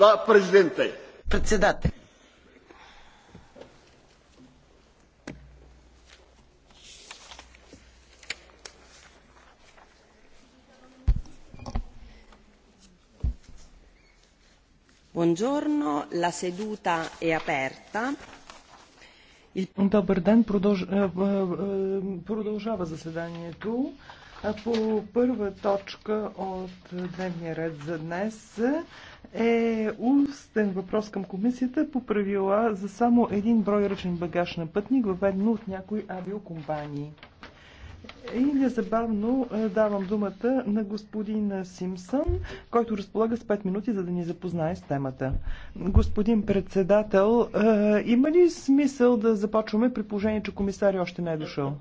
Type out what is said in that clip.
la президента. Председател. Buongiorno, la seduta è aperta. Добър ден, е, е, е, продължава заседанието. По първа точка от дневния ред за днес е устен въпрос към комисията по правила за само един брой ръчен багаж на пътник, въведено от някои авиокомпании. И незабавно е, давам думата на господин Симсън, който разполага с 5 минути, за да ни запознае с темата. Господин председател, е, има ли смисъл да започваме при положение, че комисари още не е дошъл?